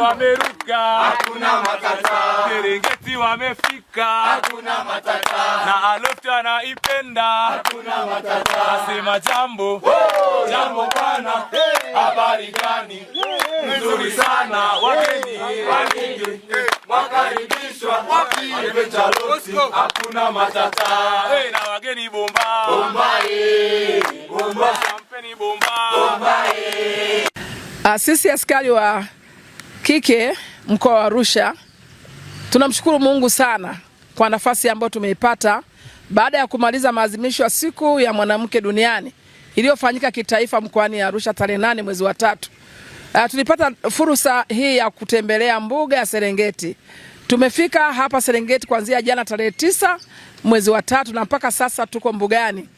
wameruka, hakuna matata. Serengeti wamefika, hakuna matata. Na Aloft anaipenda, hakuna matata. Asema jambo, oh, jambo bwana, habari gani? nzuri sana wageni hey, Wakaribishwa, hey, wakaribishwa hakuna matata hey, na wageni bomba bomba, hey, bomba. Kampeni bomba bomba, ah, Sisi askari wa kike mkoa wa Arusha, tunamshukuru Mungu sana kwa nafasi ambayo tumeipata baada ya kumaliza maadhimisho ya siku ya mwanamke duniani iliyofanyika kitaifa mkoani Arusha tarehe nane mwezi wa tatu. Uh, tulipata fursa hii ya kutembelea mbuga ya Serengeti. Tumefika hapa Serengeti kuanzia jana tarehe tisa mwezi wa tatu na mpaka sasa tuko mbugani.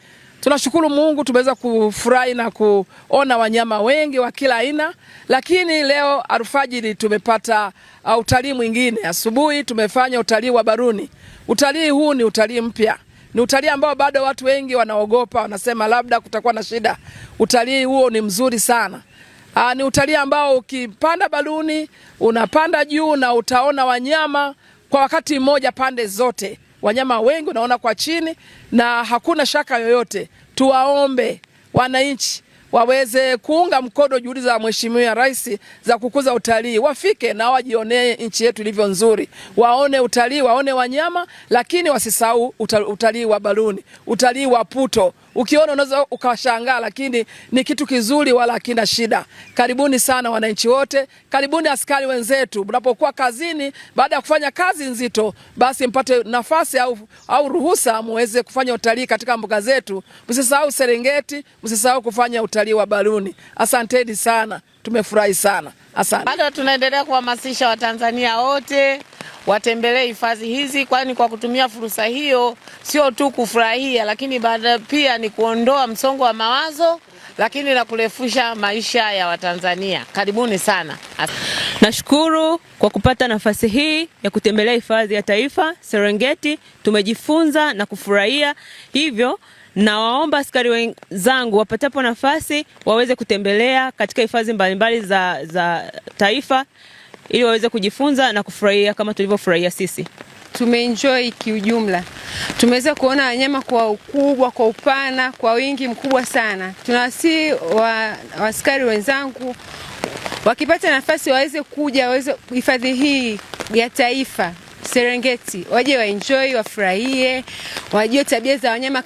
Tunashukuru Mungu tumeweza kufurahi na kuona wanyama wengi wa kila aina, lakini leo alfajiri tumepata uh, utalii mwingine. Asubuhi tumefanya utalii wa baruni. Utalii huu ni utalii mpya, ni utalii ambao bado watu wengi wanaogopa, wanasema labda kutakuwa na shida. Utalii huo ni mzuri sana. Aa, uh, ni utalii ambao ukipanda baluni unapanda juu na utaona wanyama kwa wakati mmoja pande zote wanyama wengi unaona kwa chini, na hakuna shaka yoyote, tuwaombe wananchi waweze kuunga mkono juhudi za Mheshimiwa Rais za kukuza utalii, wafike na wajionee nchi yetu ilivyo nzuri, waone utalii, waone wanyama, lakini wasisahau utalii wa baluni, utalii wa puto ukiona unaweza ukashangaa, lakini ni kitu kizuri, wala hakina shida. Karibuni sana wananchi wote, karibuni askari wenzetu. mnapokuwa kazini, baada ya kufanya kazi nzito, basi mpate nafasi au, au ruhusa muweze kufanya utalii katika mbuga zetu. Msisahau Serengeti, msisahau kufanya utalii wa baruni Asanteni sana, tumefurahi sana, asante. Bado tunaendelea kuhamasisha Watanzania wote watembelee hifadhi hizi, kwani kwa kutumia fursa hiyo sio tu kufurahia, lakini baada pia ni kuondoa msongo wa mawazo lakini na kurefusha maisha ya Watanzania. Karibuni sana. Nashukuru kwa kupata nafasi hii ya kutembelea hifadhi ya taifa Serengeti. Tumejifunza na kufurahia, hivyo nawaomba askari wenzangu wapatapo nafasi waweze kutembelea katika hifadhi mbalimbali za, za taifa ili waweze kujifunza na kufurahia kama tulivyofurahia sisi. Tumeenjoy kiujumla, tumeweza kuona wanyama kwa ukubwa, kwa upana, kwa wingi mkubwa sana. Tunawasihi askari wenzangu wakipata nafasi waweze kuja, waweze hifadhi hii ya taifa Serengeti, waje waenjoy, wafurahie, wajue tabia za wanyama.